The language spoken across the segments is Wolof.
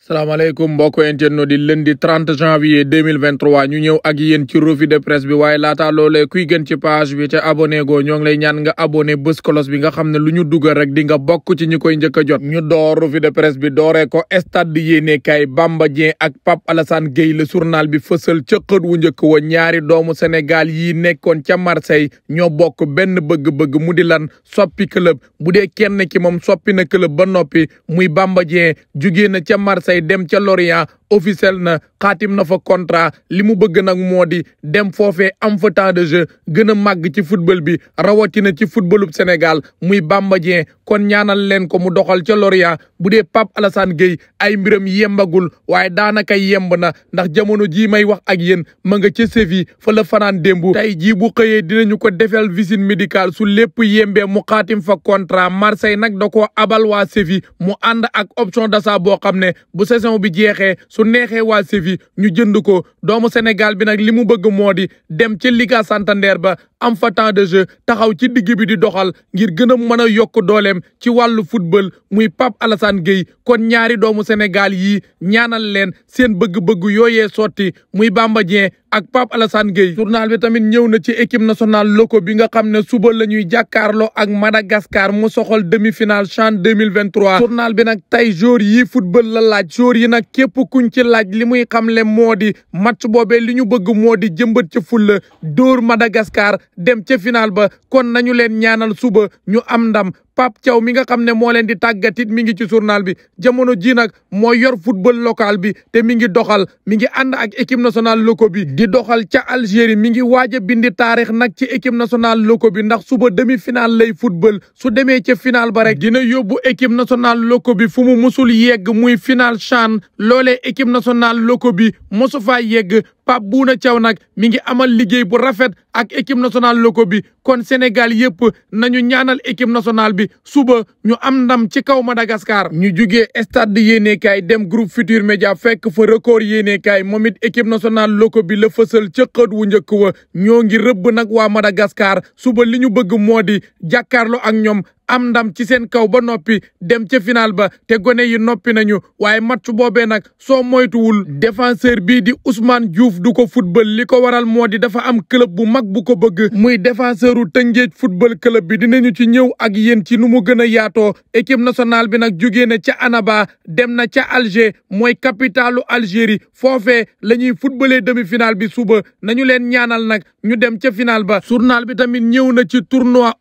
salaamaaleykum mbokk interno di lundi 30 janvier 2023 ñu ñëw ak yéen ci revue de presse waaye laata kuy gën ci page bi ca abonné goo ñoo ngi lay ñaan nga abonné bés kolos bi nga xam ne lu ñu dugal rek di nga bokk ci ñu koy njëkk a jot ñu door revue de presse bi dooree ko stade di yéenekaay Bamba Dieng ak Pape Alassane Gueye le journal bi fësal ca xët wu njëkk wo ñaari doomu Sénégal yi nekkoon ca Marseille ñoo bokk benn bëgg-bëgg mu di lan soppi club bu dee kenn ki moom soppi na club ba noppi muy Bamba Dieng jugee na marseille dem ca lorient officiel na xaatim na fa contrat li mu bëgg nag moo di dem foofee am fa de jeu gën a màgg ci football bi rawatina ci footballub sénégal muy Bamba kon ñaanal leen ko mu doxal ca lorient bu dee Pape Alassane Gueye ay mbiram yembagul waaye daanaka yemb na ndax jamono jii may wax ak yéen ma nga ca Séville fa la fanaan démbu tey jii bu xëyee dinañu ko defel visite médicale su lépp yembee mu xaatim fa contrat marseille nag da koo abal waa Séville mu ànd ak option d'achat boo xam ne bu saison bi jeexee su neexee waa Séville ñu jënd ko doomu Sénégal bi nag li mu bëgg moo di dem ci Liga Santander ba am fa temps de jeu taxaw ci digg bi di doxal ngir gën a mën a yokk dooleem ci wàllu football muy pap Alassane Gueye kon ñaari doomu Sénégal yi ñaanal leen seen bëgg-bëgg yooyee sotti muy Bamba Dieng ak Pape Alassane Gueye journal bi tamit ñëw na ci équipe nationale loko bi nga xam ne suba la ñuy jàkkaarloo ak Madagascar mu soxal demi-finale CHAN 2023 journal bi nag tey jour yi football la laaj jour yi nag képp kuñ ci laaj li muy xamle moo di match boobee li ñu bëgg moo di jëmbat ci fulla dóor Madagascar dem ca final ba kon nañu leen ñaanal suba ñu am ndam Pape Thiaw mi nga xam ne moo leen di tàggatit mi ngi ci journal bi jamono ji nag moo yor football local bi te mi ngi doxal mi ngi ànd ak équipe nationale loko bi di doxal ca Algérie mi ngi waaj a bindi taarix nag ci équipe nationale loko bi ndax suba demi final lay football su demee ca finale ba rek dina yóbbu équipe nationale loko bi fu mu mosul yegg muy final chane loolee équipe nationale loko bi mosu faa yegg Pape Bouna Thiaw nag mi ngi amal liggéey bu rafet ak équipe nationale loko bi kon Sénégal yëpp nañu ñaanal équipe nationale bi suba ñu am ndam ci kaw Madagascar ñu jugee stade yéenekaay dem groupe Futur Média fekk fa record yéenekaay moom it équipe nationale loko bi la fësal ca wu njëkk wa ñoo ngi rëbb nag waa Madagascar suba li ñu bëgg moo di jàkkaarloo ak ñoom am ndam ci seen kaw ba noppi dem ca final ba te gone yi noppi nañu waaye match boobee nag soo moytuwul défenseur bii di Ousmane Diouf du ko football li ko waral moo di dafa am club bu mag bu ko bëgg muy défenseuru Tëngéej football club bi dinañu ci ñëw ak yéen ci nu mu gën a yaatoo équipe nationale bi nag jugee na ca Annaba dem na ca Alger mooy capitalu Algérie foofee la ñuy footballee demi-finale bi suba nañu leen ñaanal nag ñu dem ca final ba journal bi tamit ñëw na ci tournoi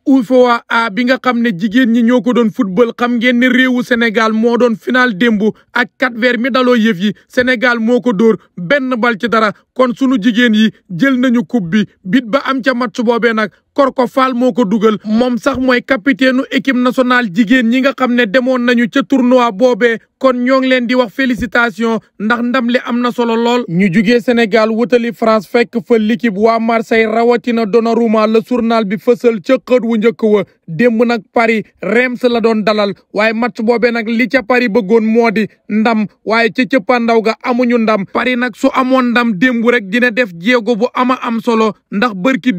bi nga xam ne jigéen ñi ñoo ko doon football xam ngeen ne réewu Sénégal moo doon final démb ak quatre weer mi daloo yëf yi Sénégal moo ko dóor benn bal ci dara kon sunu jigéen yi jël nañu coupe bi bit ba am ca match boobee nag Korko Fall moo ko dugal moom sax mooy capitaine équipe nationale jigéen ñi nga xam ne demoon nañu ca tournoi boobee kon ñoo ngi leen di wax félicitation ndax ndam li am na solo lool. ñu jugee Sénégal wutali France fekk fa l'équipe waa Marseille rawatina Donnarumma la journal bi fësal ca xët wu njëkk wa démb nag Paris Reims la doon dalal waaye match boobee nag li ca Paris bëggoon moo di ndam waaye ca cëppandaw ga amuñu ndam. Paris nag su amoon ndam démb rek dina def jéego bu am solo ndax bërki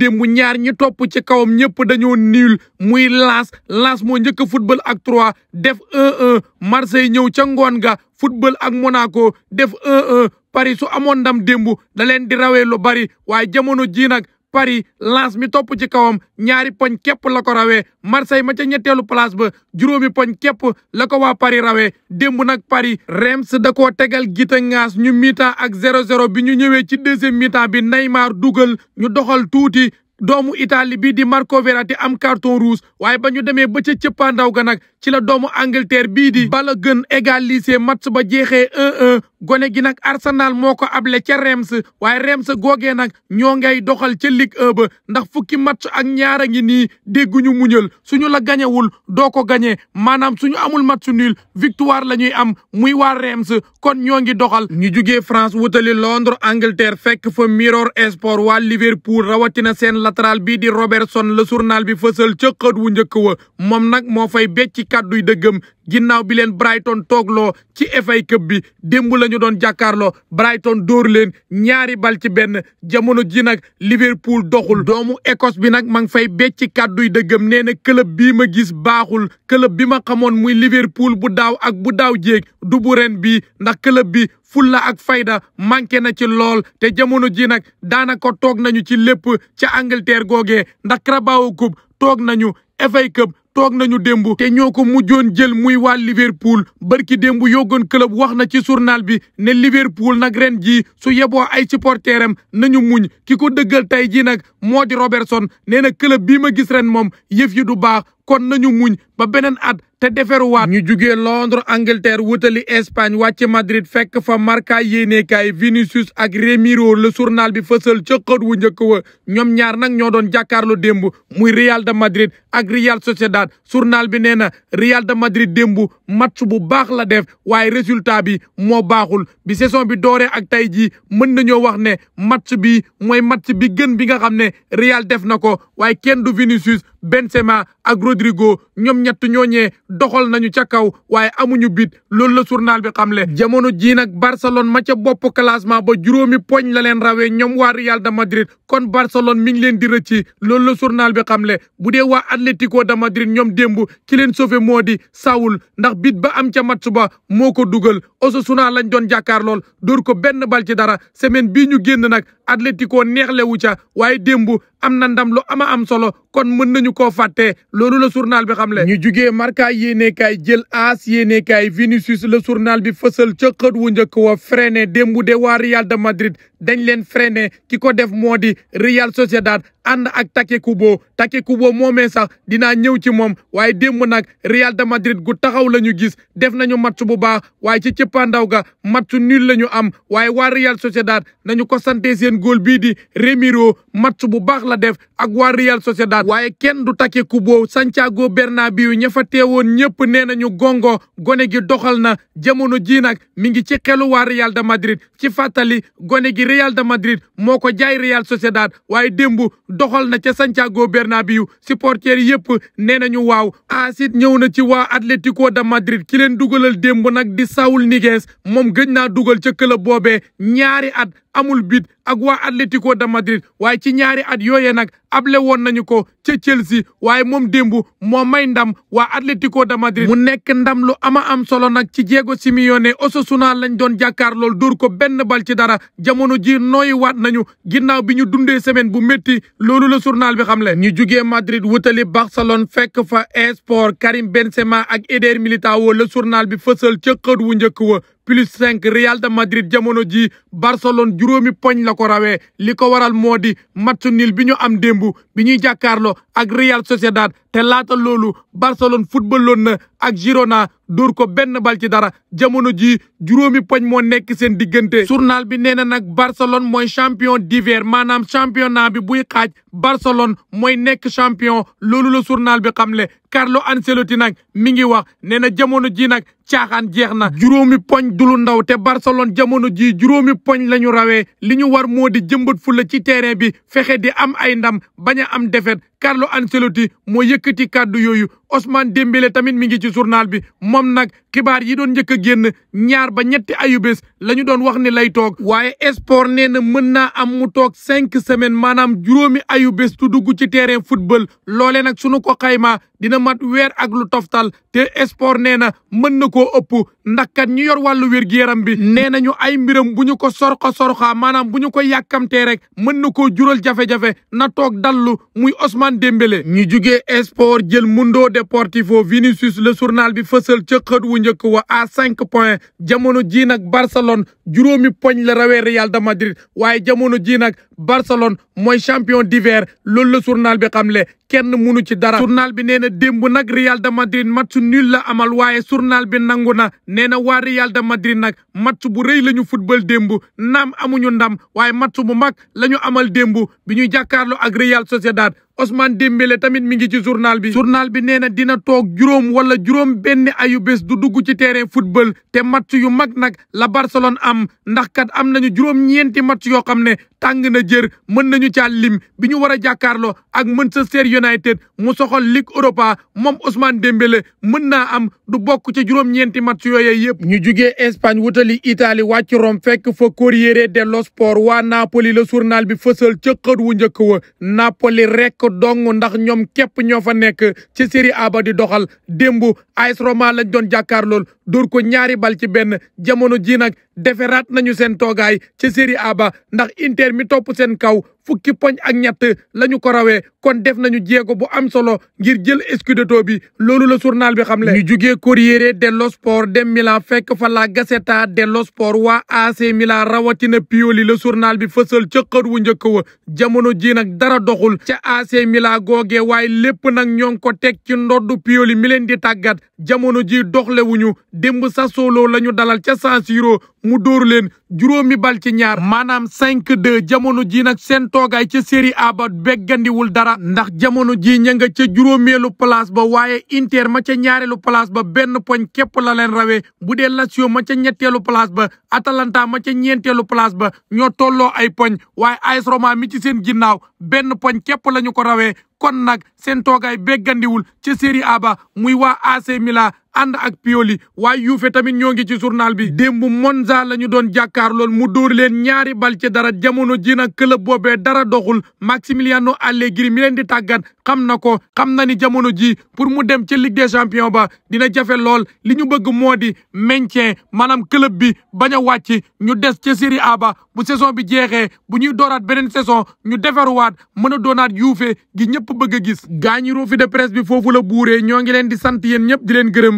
ci kawam ñëpp dañoo nul muy Lens Lens moo njëkk a football ak 3 def 1-1 Marseille ñëw ca ngoon ga football ak Monaco def 1-1 Paris su amoon dam démb da leen di rawee lu bari waaye jamono jii nag Paris Lens mi topp ci kawam ñaari poñ képp la ko rawee Marseille ma ca ñetteelu place ba juróomi poñ képp la ko waa Paris rawee démb nag Paris Reims da koo tegal gita ngaas ñu mi ak 0-0 bi ñu ñëwee ci deuxième mi bi Neymar dugal ñu doxal tuuti doomu Italie bii di Marco Verratti am carton rouge waaye ba ñu demee ba ca cëppaandaw ga nag ci la doomu Angleterre bii di bala gën égaliser match ba jeexee 1-1 gone gi nag Arsenal moo ko able ca Reims waaye Reims googee nag ñoo ngay doxal ca Ligue ba ndax fukki match ak ñaar a ngi nii dégguñu muñal suñu la gañewul doo ko gañee maanaam suñu amul match nul victoire la ñuy am muy waa Reims kon ñoo ngi doxal ñu jugee France wutali Londres Angleterre fekk fa Mirror Sport waa Liverpool rawatina seen latéral bii di Robertson la journal bi fësal ca xët wu njëkk wa moom nag moo fay becc kàdduy dëggam ginnaaw bi leen Brighton toogloo ci FA Cup bi démb la ñu doon jàkkaarloo Brighton dóor leen ñaari bal ci benn jamono ji nag Liverpool doxul. doomu Écosse bi nag ma ngi fay becc kàdduy dëggam nee na club bii ma gis baaxul club bi ma xamoon muy Liverpool bu daaw ak bu daaw jeeg du bu ren bii ndax club bi fulla ak fayda manqué na ci lool te jamono ji nag daanaka toog nañu ci lépp ca Angleterre googee ndax Carabao Cup toog nañu FA Cup toog nañu démb te ñoo ko mujjoon jël muy waa Liverpool barki démb yoggoon club wax na ci journal bi ne Liverpool nag ren ji su yeboo ay ci supporteram nañu muñ ki ko dëggal tey jii nag moo di Robertson nee na club bii ma gis ren moom yëf yi du baax kon nañu muñ ba beneen at te waa ñu jugee Londres Angleterre wutali Espagne wàcc Madrid fekk fa Marca yéenekaay Vinicius ak Remiro le journal bi fësal ca xët wu njëkk wa ñoom ñaar nag ñoo doon jàkkaarloo démb muy Real de Madrid ak Real Sociedad journal bi nee na Real de Madrid démb match bu baax la def waaye résultat bi moo baaxul bi saison bi dooree ak tey jii mën na nañoo wax ne match bi mooy match bi gën bi nga xam ne Real def na ko waaye kenn du Vinicius Benzema ak Rodrigo ñoom ñett ñooñee doxal nañu ca kaw waaye amuñu bit loolu la journal bi xam le jamono jii nag Barcelone ma ca bopp ba juróomi poñ la leen rawee ñoom waa Real de Madrid kon Barcelone mi ngi leen di rëcci loolu la surnal bi xam xamle bu dee waa Atlético de Madrid ñoom démb ki leen sauvé moo di Saul ndax bit ba am ca match ba moo ko dugal Osasuna lañ doon jàkkaar lool dóor benn bal dara semaine bii ñu génn nag Atlético neexlewu ca waaye démb am na ndam lu ama am solo kon mën nañu koo fàttee loolu la journal bi xam xamle ñu jugee Marca yéenekaay jël AS yéenekaay Vinicius le journal bi fësal ca xët wu njëkk wa freiné démbu de waa Real de Madrid dañ leen freiné ki ko def moo di Real Sociedad ànd ak Take bo Take Kubo moomee sax dinaa ñëw ci moom waaye démb nag Real de Madrid gu taxaw la ñu gis def nañu match bu baax waaye ci cëppaandaw ga match nil la ñu am waaye waa Real Sociedad nañu ko sante seen góol bii di Remiro match bu baax la def ak waa Real Sociedad waaye kenn du Take Kubo Santiago Bernabéu ña fa teewoon ñëpp nee nañu gongo gone gi doxal na jamono ji nag mi ngi ci xelu waa Real de Madrid ci fàttali gone gi Real de Madrid moo ko jaay Real Sociedad waaye démb doxal na ca Santiago Bernabéu supporters yëpp nee na ñu waaw. Asit ñëw na ci waa Atlético da Madrid ki leen dugalal démb nag di Saúl Ñíguez moom gëj naa dugal ca club boobee ñaari at. amul but ak waa Atlético de Madrid waaye ci ñaari at yooyee nag able woon nañu ko ca Chelsea waaye moom démbu moo may ndam waa Atlético de Madrid mu nekk ndam lu ama am solo nag ci Diego Simeone Osasuna lañ doon jàkkaar lool dóor ko benn bal ci dara jamono ji nooyi waat nañu ginnaaw bi ñu dundee semaine bu métti loolu la journal bi xamle ñu jugee Madrid wutali Barcelone fekk fa esport Karim Benzema ak Eder Militao la journal bi fësal ca xët wu njëkk wa plus cinq Real de Madrid jamono ji Barcelone juróomi poñ la ko rawee li ko waral moo di match nul bi ñu am démbu bi ñuy jàkkaarloo ak Real Sociedad te laata loolu Barcelone footballoon na ak Girona dóor ko benn bal ci dara jamono ji juróomi poñ moo nekk seen diggante. surnal bi nee na nag Barcelone mooy champion diver manam championnat bi buy xaaj Barcelone mooy nekk champion loolu la journal bi xamle Carlo Ancelotti nag mi ngi wax nee na jamono ji nag caaxaan jeex na. juróomi poñ dulu ndaw te Barcelone jamono ji juróomi poñ la ñu rawee li ñu war moo di jëmbat fula ci terrain bi fexe di am ay ndam bañ a am défaite Carlo Ancelotti moo yëkkati kàddu yooyu Ousmane Dembélé tamit mi ngi ci journal bi moom nag xibaar yi doon njëkk a génn ñaar ba ñetti ayubés la ñu doon wax ni lay toog waaye sport nee na mën naa am mu toog cinq semaine maanaam juróomi ayubés tu dugg ci terrain football loolee nag sunu ko xaymaa dina mat weer ak lu toftal te sport nee na mën na ko ëpp ndax kat ñu yor wàllu wér gi yaram bi nee nañu ay mbiram bu ñu ko sorxa sorka maanaam bu ñu ko yàkkamtee rek mën na koo jural jafe-jafe na toog dallu muy Ousmane Dembélé ñu jugee sport jël mundoo Deportivo Vinicius le journal bi fësal ca xët wu njëkk wa à cinq points jamono ji nag Barcelone juróomi poñ la rawee Real de Madrid waaye jamono ji nag Barcelone mooy champion diver loolu la journal bi xam xamle kenn munu ci dara journal bi nee na démb nag Real de Madrid match nul la amal waaye journal bi nangu na nee na waa Real de Madrid nag match bu rëy la ñu football démb naam amuñu ndam waaye match bu mag la ñu amal démb bi ñuy jàkkaarloo ak Real Sociedad Ousmane Dembélé tamit mi ngi ci journal bi journal bi nee na dina toog juróom wala juróom benn ayu du dugg ci terrain football te match yu mag nag la Barcelone am ndax kat am nañu juróom ñeenti match yoo xam ne tàng na jër mën nañu caa lim bi ñu war a jàkkaarloo ak Manchester United mu soxal Ligue Europa moom Ousmane Dembélé mën naa am du bokk ci juróom mat match yooyee yëpp. ñu jugee Espagne wutali Italie wàcc Rome fekk fa Corriere dello Sport waa Napoli la journal bi fësal ca wu njëkk wa Napoli rek dong ndax ñoom képp ñoo fa nekk ci Serie A ba di doxal démb AS Roma lañ doon jàkkaarlool dóor ko ñaari bal ci benn jamono ji nag deferaat nañu seen toogaay ca Serie A ba ndax Inter mi topp seen kaw fukki poñ ak ñett la ñu ko rawee kon def nañu jéego bu am solo ngir jël scudetto bi loolu la journal bi xam le ñu jugee Corriere dello Sport dem Milan fekk fa la Gazzetta dello Sport wa AC Milan rawatina Pioli la journal bi fësal ca xër wu njëkk wa jamono ji nag dara doxul ca AC Milan googee waaye lépp nag ñoo ngi ko teg ci ndoddu Pioli mi leen di tàggat jamono ji doxlewuñu démb Sassuolo la ñu dalal ca San Siro mu dóoru leen juróomi bal ci ñaar maanaam 5-2 jamono ji nag toogaay ca série A ba beggandiwul dara ndax jamono ji ña nga ca juróomeelu place ba waaye Inter ma ca ñaareelu place ba benn poñ képp la leen rawee bu dee Lazio ma ca ñetteelu place ba Atalanta ma ca ñeenteelu place ba ñoo tolloo ay poñ waaye AS Roma mi ci seen ginnaaw benn poñ képp la ñu ko rawee kon nag seen toogaay beggandiwul ca série aba muy waa AC Milan ànd ak Pioli waaye Juve tamit ñoo ngi ci journal bi démb Monza la ñu doon jàkkaar lool mu dóor leen ñaari bal dara jamono ji na club boobee dara doxul Maximiliano Allegri mi leen di tàggat xam na ko xam na ni jamono ji pour mu dem ci Ligue des champions ba dina jafe lool li ñu bëgg moo di maintien maanaam club bi bañ a wàcc ñu des ca Serie A ba bu saison bi jeexee bu ñuy dooraat beneen saison ñu defaruwaat mën a doonaat Juve gi ñëpp bëgg gis gaañi revue de presse bi foofu la buuree ñoo ngi di sant yéen ñëpp di leen gërëm